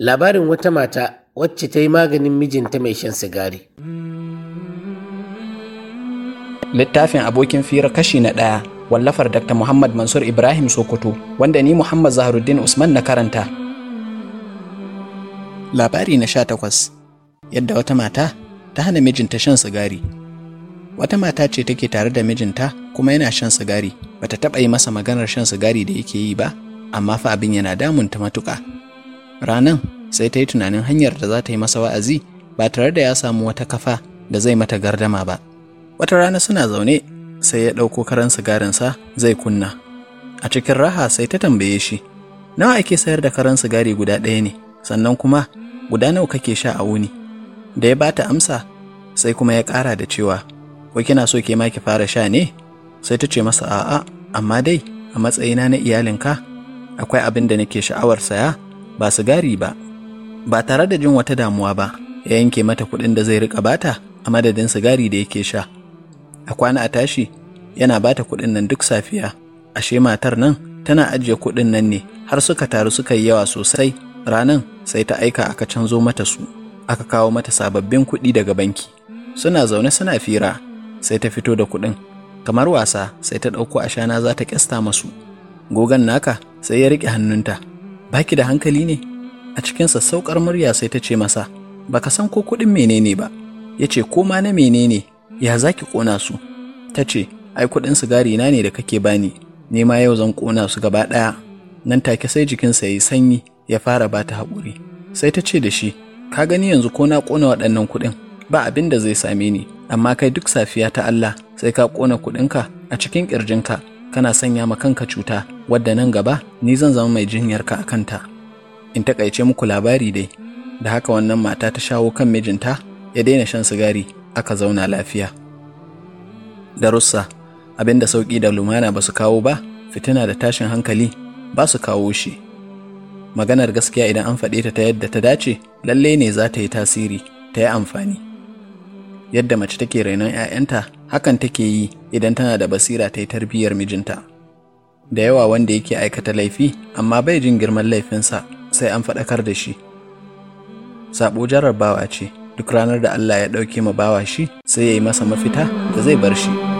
labarin wata mata wacce ta yi maganin mijinta mai shan sigari. Littafin abokin fira kashi na ɗaya wallafar Dr. Muhammad Mansur Ibrahim Sokoto wanda ni Muhammad Zaharuddin Usman na karanta. Labari na sha takwas yadda wata mata ta hana mijinta shan sigari. Wata mata ce take tare da mijinta kuma yana shan sigari bata taɓa yi masa maganar shan sigari da yake yi ba amma fa abin yana damunta matuƙa. Ranan sai ta yi tunanin hanyar da za ta yi masa wa'azi ba tare da ya samu wata kafa da zai mata gardama ba. Wata rana suna zaune sai ya ɗauko karan sigarinsa zai kunna. A cikin raha sai ta tambaye shi, nawa ake sayar da karan sigari guda ɗaya ne, sannan kuma guda nawa kake sha a wuni. Da ya bata amsa sai kuma ya ƙara da cewa, ko kina so ke ma ki fara sha ne? Sai ta ce masa a'a, amma dai a matsayina na iyalinka akwai abin da nake sha'awar saya ba sigari ba ba tare da jin wata damuwa ba ya yanke mata kuɗin da zai riƙa bata a madadin sigari da yake sha a kwana a tashi yana bata kuɗin nan duk safiya ashe matar nan tana ajiye kuɗin nan ne har suka taru suka yi yawa sosai ranan sai ta aika aka canzo mata su aka kawo mata sababbin kuɗi daga banki suna zaune suna fira sai ta fito da kuɗin kamar wasa sai ta ɗauko ashana za ta ƙyasta masu gogan naka sai ya riƙe hannunta baki da hankali ne a cikin sassaukar murya sai ta ce masa ka san ko kuɗin menene ba ya ce ko ma na menene ya zaki ƙona su ta ce ai kuɗin sigari na ne da kake bani ne ma yau zan ƙona su gaba ɗaya nan take sai jikinsa ya yi sanyi ya fara ba ta haƙuri sai ta ce da shi ka gani yanzu ko na ƙona waɗannan kuɗin ba abin da zai same ni amma kai duk safiya ta Allah sai ka ƙona kuɗinka a cikin ƙirjinka kana sanya ma kanka cuta wadda nan gaba ni zan zama mai jinyarka a kanta in takaice muku labari dai da haka wannan mata ta shawo kan mijinta ya daina shan sigari aka zauna lafiya darussa abin da sauƙi da lumana ba su kawo ba fitina da tashin hankali ba su kawo shi maganar gaskiya idan an faɗe ta ta yadda ta dace lallai ne za ta yi tasiri ta yi amfani yadda mace take rainon 'ya'yanta hakan take yi idan tana da basira ta yi tarbiyyar mijinta da yawa wanda yake aikata laifi amma bai jin girman laifinsa sai an faɗakar da shi sabo bawa ce duk ranar da allah ya ɗauke ma bawa shi sai ya yi masa mafita da zai bar shi